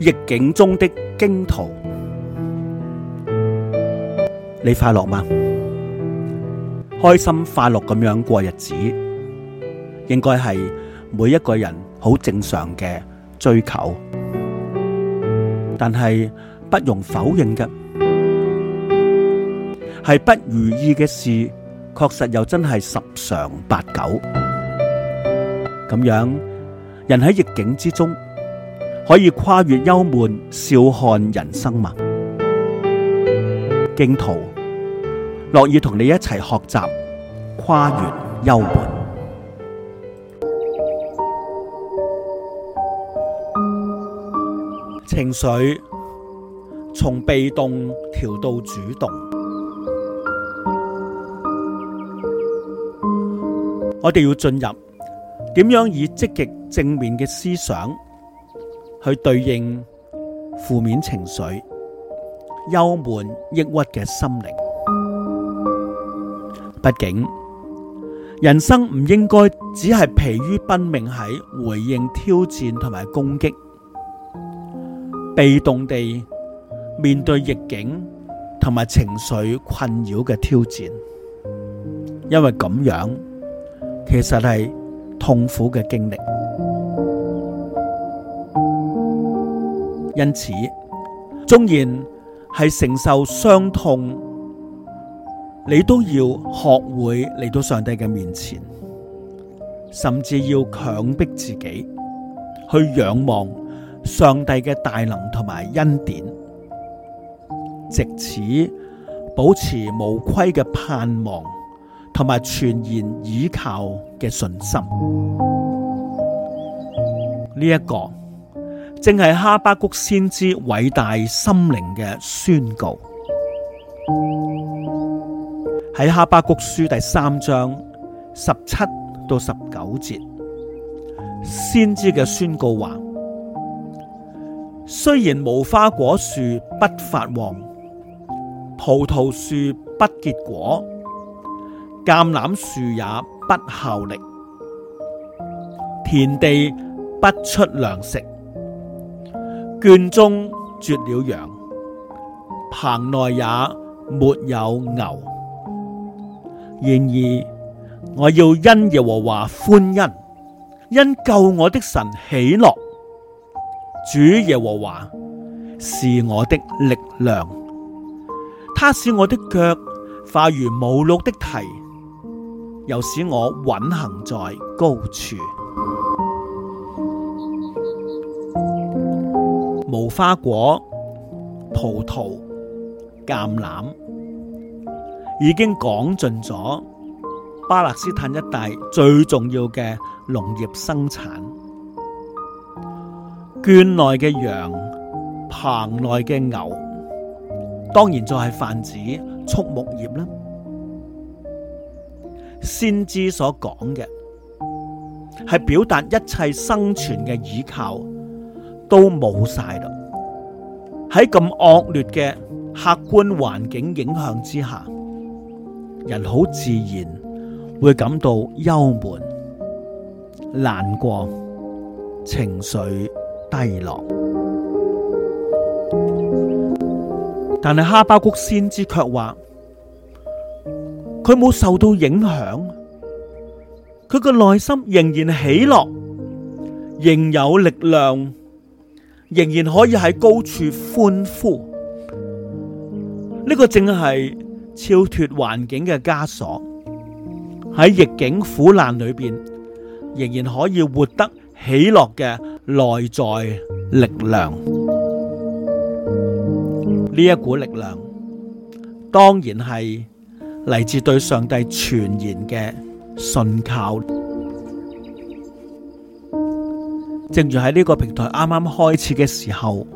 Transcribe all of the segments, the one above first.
逆境中的荊徒，你快樂嗎？開心快樂咁樣過日子，應該係每一個人好正常嘅追求。但係不容否認嘅，係不如意嘅事，確實又真係十常八九。咁樣，人喺逆境之中。可以跨越憂悶，笑看人生物。荊徒樂意同你一齊學習跨越憂悶，情緒從被動調到主動。我哋要進入點樣以積極正面嘅思想。去對應負面情緒、憂悶、抑鬱嘅心靈。畢竟，人生唔應該只係疲於奔命喺回應挑戰同埋攻擊，被動地面對逆境同埋情緒困擾嘅挑戰，因為咁樣其實係痛苦嘅經歷。因此，縱然係承受傷痛，你都要學會嚟到上帝嘅面前，甚至要強迫自己去仰望上帝嘅大能同埋恩典，藉此保持無虧嘅盼望同埋全然倚靠嘅信心。呢、這、一個。正係哈巴谷先知偉大心靈嘅宣告，喺《哈巴谷》書第三章十七到十九節，先知嘅宣告話：雖然無花果樹不發旺，葡萄樹不結果，橄欖樹也不效力，田地不出糧食。圈中絕了羊，棚內也沒有牛。然而我要因耶和華歡欣，因救我的神喜樂。主耶和華是我的力量，他使我的腳化如母鹿的蹄，又使我穩行在高處。無花果、葡萄、橄欖，已經講盡咗巴勒斯坦一帶最重要嘅農業生產。圈內嘅羊，棚內嘅牛，當然就係泛指畜牧業啦。先知所講嘅，係表達一切生存嘅倚靠。都冇晒啦。喺咁惡劣嘅客觀環境影響之下，人好自然會感到憂悶、難過，情緒低落。但係哈巴谷先知卻話，佢冇受到影響，佢個內心仍然喜樂，仍有力量。仍然可以喺高處歡呼，呢個正係超脫環境嘅枷鎖。喺逆境苦難裏邊，仍然可以活得喜樂嘅內在力量。呢一股力量，當然係嚟自對上帝傳言嘅信靠。正如喺呢個平台啱啱開始嘅時候，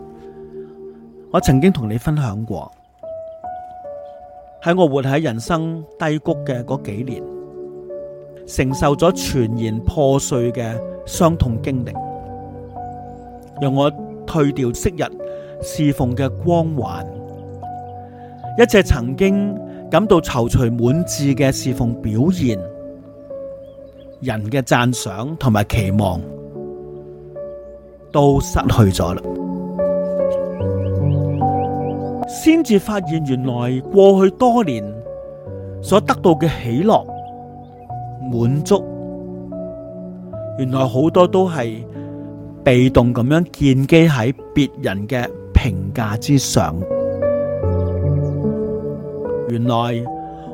我曾經同你分享過，喺我活喺人生低谷嘅嗰幾年，承受咗全然破碎嘅傷痛經歷，讓我退掉昔日侍奉嘅光環，一切曾經感到躊躇滿志嘅侍奉表現，人嘅讚賞同埋期望。都失去咗啦，先至發現原來過去多年所得到嘅喜樂、滿足，原來好多都係被動咁樣建基喺別人嘅評價之上。原來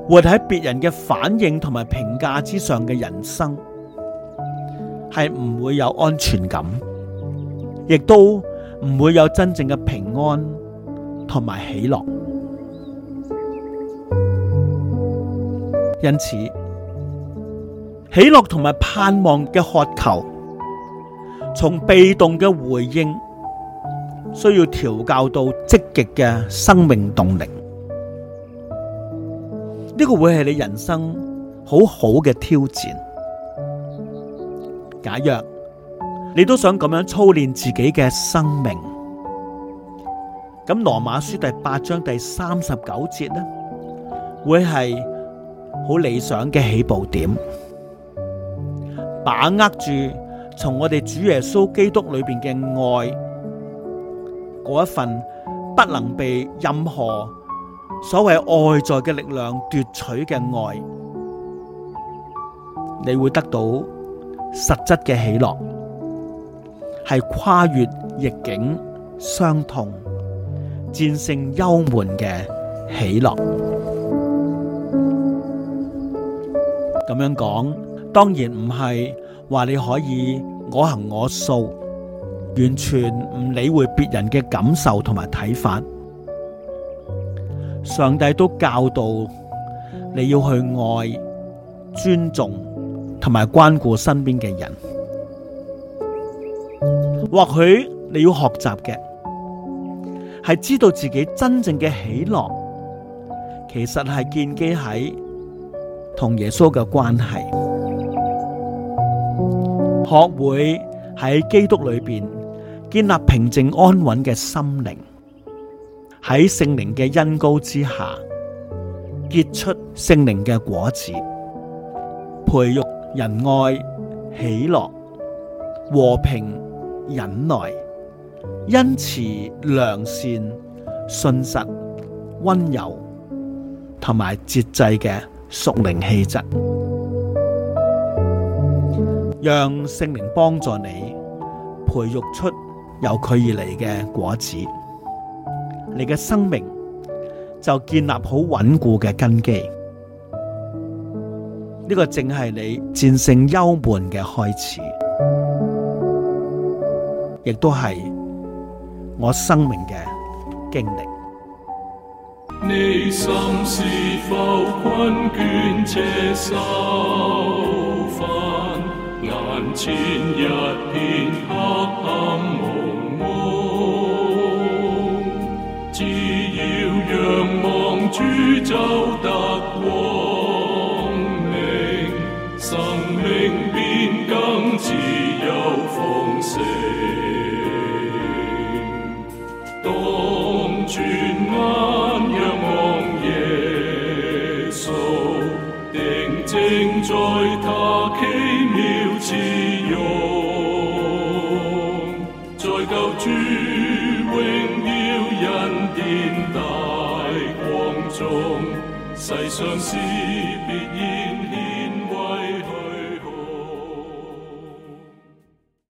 活喺別人嘅反應同埋評價之上嘅人生，係唔會有安全感。亦都唔會有真正嘅平安同埋喜樂，因此喜樂同埋盼望嘅渴求，從被動嘅回應，需要調教到積極嘅生命動力。呢個會係你人生好好嘅挑戰。假若你都想咁樣操練自己嘅生命，咁羅馬書第八章第三十九節呢，會係好理想嘅起步點。把握住從我哋主耶穌基督裏邊嘅愛，嗰一份不能被任何所謂外在嘅力量奪取嘅愛，你會得到實質嘅喜樂。係跨越逆境傷痛、戰勝憂悶嘅喜樂。咁樣講，當然唔係話你可以我行我素，完全唔理會別人嘅感受同埋睇法。上帝都教導你要去愛、尊重同埋關顧身邊嘅人。或許你要學習嘅係知道自己真正嘅喜樂，其實係建基喺同耶穌嘅關係，學會喺基督裏邊建立平靜安穩嘅心靈，喺聖靈嘅恩膏之下結出聖靈嘅果子，培育仁愛、喜樂、和平。忍耐、恩慈、良善、信實、温柔同埋節制嘅屬靈氣質，讓聖靈幫助你培育出由佢而嚟嘅果子，你嘅生命就建立好穩固嘅根基。呢、這個正係你戰勝幽悶嘅開始。亦都係我生命嘅經歷。主榮耀恩典大光中，世上事別意。